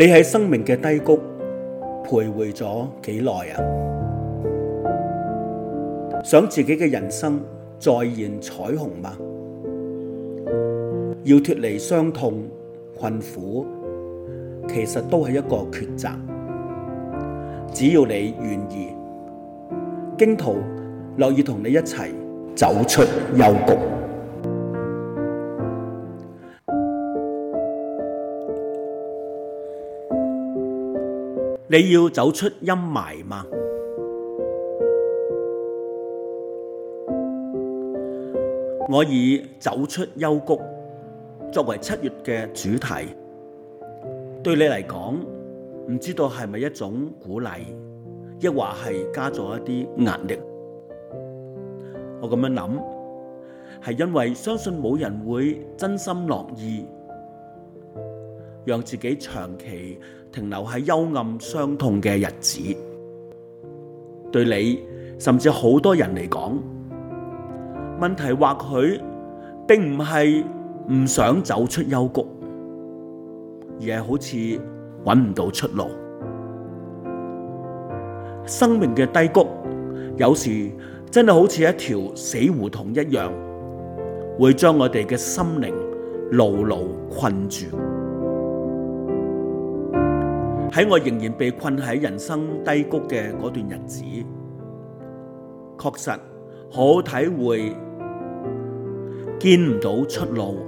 你喺生命嘅低谷徘徊咗幾耐啊？想自己嘅人生再現彩虹嗎？要脫離傷痛困苦，其實都係一個抉擇。只要你願意，荊徒樂意同你一齊走出幽谷。你要走出陰霾嗎？我以走出幽谷作為七月嘅主題，對你嚟講，唔知道係咪一種鼓勵，亦或係加咗一啲壓力？我咁樣諗，係因為相信冇人會真心樂意。讓自己長期停留喺幽暗傷痛嘅日子，對你甚至好多人嚟講，問題或許並唔係唔想走出幽谷，而係好似搵唔到出路。生命嘅低谷有時真係好似一條死胡同一樣，會將我哋嘅心靈牢牢困住。喺我仍然被困喺人生低谷嘅嗰段日子，確實好體會見唔到出路，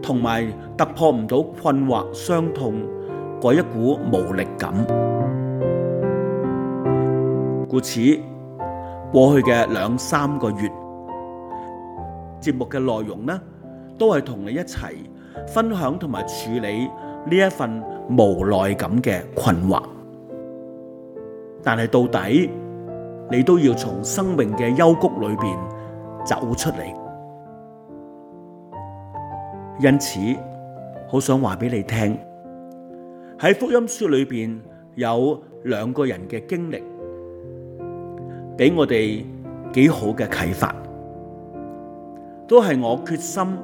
同埋突破唔到困惑、傷痛嗰一股無力感。故此，過去嘅兩三個月節目嘅內容呢，都係同你一齊分享同埋處理。呢一份無奈感嘅困惑，但係到底你都要從生命嘅幽谷裏邊走出嚟。因此，好想話俾你聽，喺福音書裏邊有兩個人嘅經歷，俾我哋幾好嘅啟發，都係我決心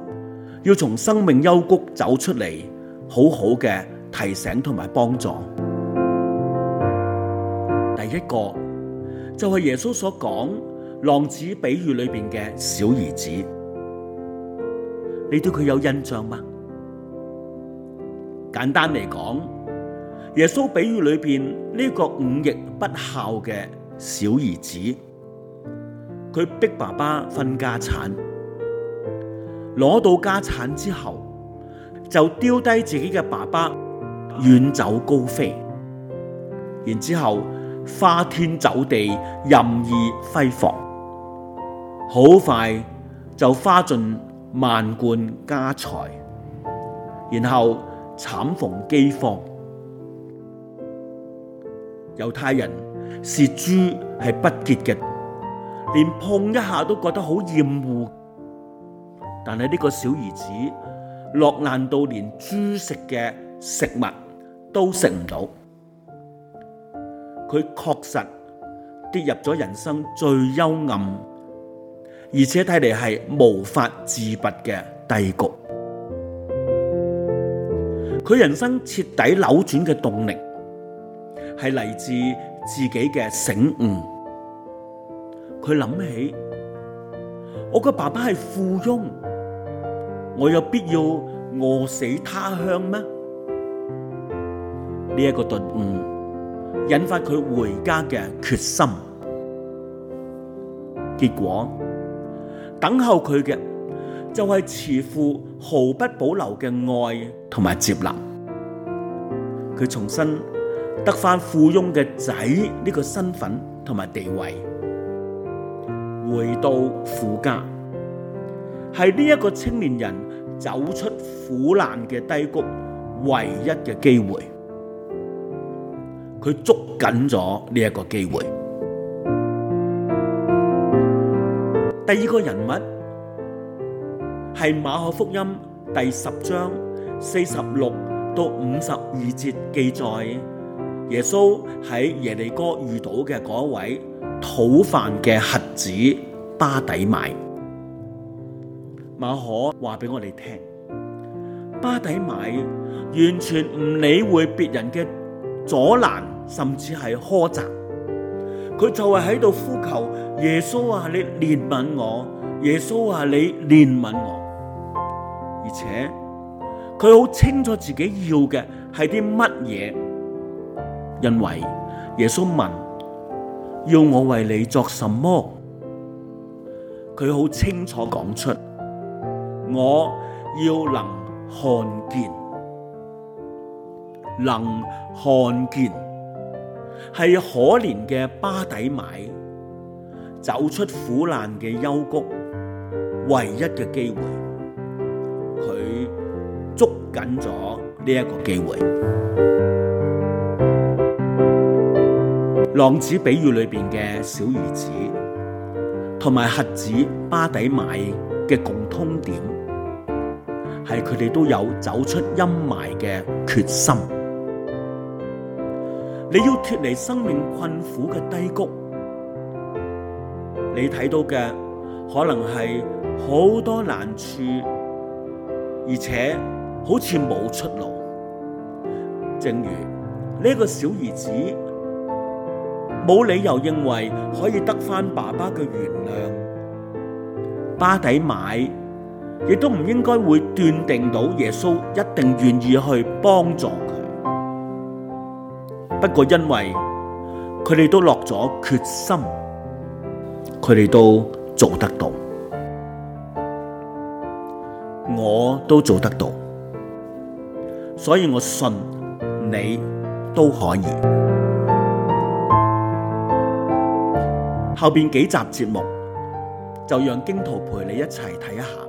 要從生命幽谷走出嚟。好好嘅提醒同埋幫助。第一個就係耶穌所講浪子比喻裏邊嘅小兒子，你對佢有印象嗎？簡單嚟講，耶穌比喻裏邊呢個忤逆不孝嘅小兒子，佢逼爸爸分家產，攞到家產之後。就丟低自己嘅爸爸，遠走高飛，然之後花天酒地，任意揮霍，好快就花盡萬貫家財，然後慘逢飢荒。猶太人視豬係不潔嘅，連碰一下都覺得好厭惡。但係呢個小兒子。落難到連豬食嘅食物都食唔到，佢確實跌入咗人生最幽暗，而且睇嚟係無法自拔嘅低谷。佢人生徹底扭轉嘅動力，係嚟自自己嘅醒悟。佢諗起我嘅爸爸係富翁。我有必要餓死他鄉咩？呢一個頓悟引發佢回家嘅決心。結果等候佢嘅就係慈父毫不保留嘅愛同埋接納。佢重新得返富翁嘅仔呢個身份同埋地位，回到富家。係呢一個青年人走出苦難嘅低谷唯一嘅機會，佢捉緊咗呢一個機會。第二個人物係馬可福音第十章四十六到五十二節記載，耶穌喺耶利哥遇到嘅嗰位討飯嘅瞎子巴底買。馬可話俾我哋聽，巴底米完全唔理會別人嘅阻攔，甚至係苛責。佢就係喺度呼求耶穌啊，你憐憫我！耶穌啊，你憐憫我！而且佢好清楚自己要嘅係啲乜嘢，因為耶穌問：要我為你作什麼？佢好清楚講出。我要能看見，能看見係可憐嘅巴底米走出苦難嘅幽谷，唯一嘅機會，佢捉緊咗呢一個機會。浪子比喻裏邊嘅小兒子同埋瞎子巴底米嘅共通點。係佢哋都有走出陰霾嘅決心。你要脫離生命困苦嘅低谷，你睇到嘅可能係好多難處，而且好似冇出路。正如呢個小兒子，冇理由認為可以得翻爸爸嘅原諒。巴底買。亦都唔應該會斷定到耶穌一定願意去幫助佢。不過因為佢哋都落咗決心，佢哋都做得到，我都做得到，所以我信你都可以。後邊幾集節目就讓荊徒陪你一齊睇一下。